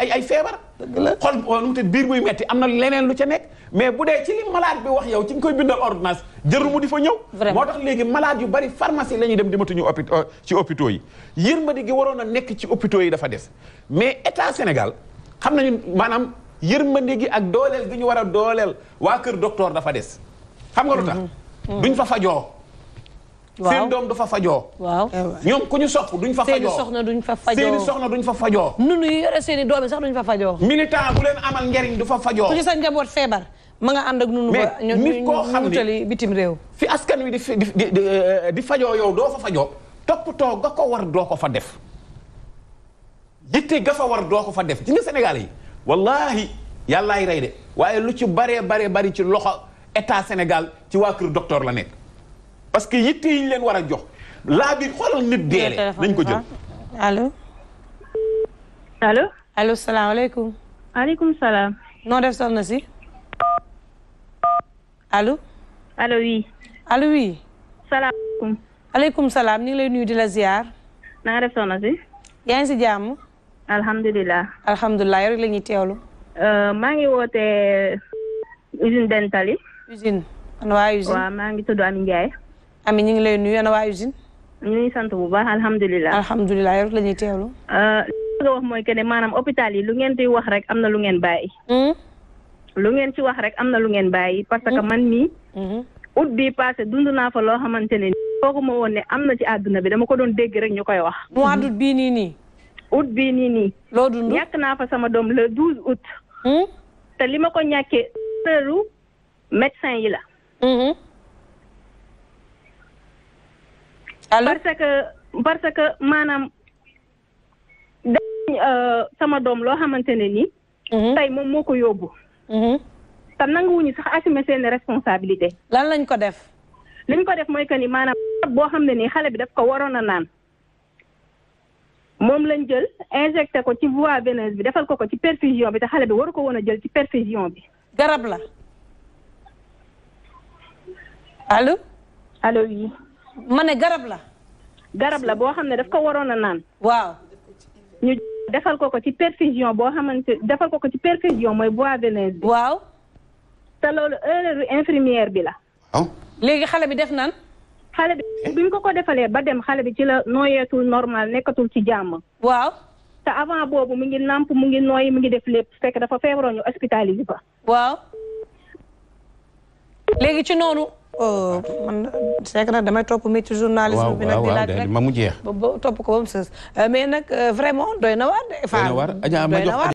ay ay feebar xol nu mu te biir buy metti am na leneen lu ca nekk mais bu dee ci li malade bi wax yow ci nga koy bindal ordonnance jërul mu di fa ñëw moo tax léegi malade yu bari pharmacie la ñuy dem di matuñu hôpitaux euh, ci hôpitaux yi yërmande gi waroon a nekk ci hôpitaux yi dafa des mais état Sénégal xam nañu maanaam yërmande gi ak dooleel gi ñu war a dooleel waa kër docteur dafa des xam nga lu tax mm-hmm. Mm-hmm. duñ fa fajoo waaw seen doom du fa fajoo. waaw ñoom ku ñu sopp duñ fa fajoo. seeni soxna duñ fa fajoo seeni soxna duñ fa fajoo. nunu yi yore seeni doom sax duñ fa fajoo. militant bu leen amal njariñ du fa fajoo. ku ci sa njaboot feebar ma nga ànd ak nunu. mais nit koo xam ne bitim réew. fi askan wi di di eh, di fajoo yow doo fa fajoo toppatoo ga ko war doo ko fa def yitte ga war doo ko fa def ji nga yàlla yi wallaahi rey de waaye lu ci baree baree bari ci loxo état Sénégal ci waa kër la nekk. parce que yitte yi ñu leen war a jox laa bi xoolal nit deele nañ ko jël allo allo allo salaamaaleykum aleykum salaam noo def soxna si allo allo oui allo oui salaamaaleykum aleykum salaam ñu ngi lay nuyu di la ziar na nga def soxna si yaa ngi si jàmm alhamdulilah alhamdulilah yow rek la ñuy teewlu euh, maa ngi woote usine Dentali usine an waa usine waaw maa ngi tudd Ami Ndiaye Ami ñu ngi lay nuyu ana waa usine. ñu ngi sant bu baax alhamdulilah. alhamdulilah yow la ñuy teewlu. Euh, li wax mooy que ne maanaam hôpital yi lu ngeen di wax rek am na lu ngeen bàyyi. Hmm? lu ngeen ci wax rek am na lu ngeen bàyyi. parce que hmm? man mii. Hmm? août bii passé dund naa fa loo xamante ne nii. woon ne am na ci àdduna bi dama ko doon dégg rek ñu koy wax. mois d'août bii nii nii. août bii nii nii. loo ñàkk naa fa sama doom le douze août. te li ma ko ñàkkee heure médecin yi la. allo parce que parce que maanaam dañ euh, sama doom loo xamante ne nii. Mhm. tey moom moo ko yóbbu. Mhm. te nanguwuñu sax assumer seen responsabilité. lan lañ ko def. liñ ko def mooy que nii maanaam boo xam ne nii xale bi daf ko waroon a naan moom lañ jël injecté ko ci voie veineuse bi defal ko ko ci perfusion bi te xale bi war ko woon a jël ci perfusion bi. garab la allo. allo oui. ma ne garab la. garab la boo xam ne daf ko waroon a naan. waaw. ñu defal ko ko ci perfusion boo xamante defal ko ko ci perfusion mooy bois veineuse bi. waaw. te loolu erreur infirmière bi la. Ah. léegi xale bi def nan. xale bi bi ñu ko ko defalee ba dem xale bi ci la nooyeetul normal nekkatul ci jàmm. waaw. te avant boobu mu ngi nàmp mu ngi nooyi mu ngi def lépp fekk dafa feebaroon yu hospitalisé ba. waaw. léegi ci noonu. Euh, man c'est que nag damay topp métier journalisme bi nag di laaj rek ba mu jeex ba topp ko ba mu sës euh, mais nag euh, vraiment doy na waar doy na waar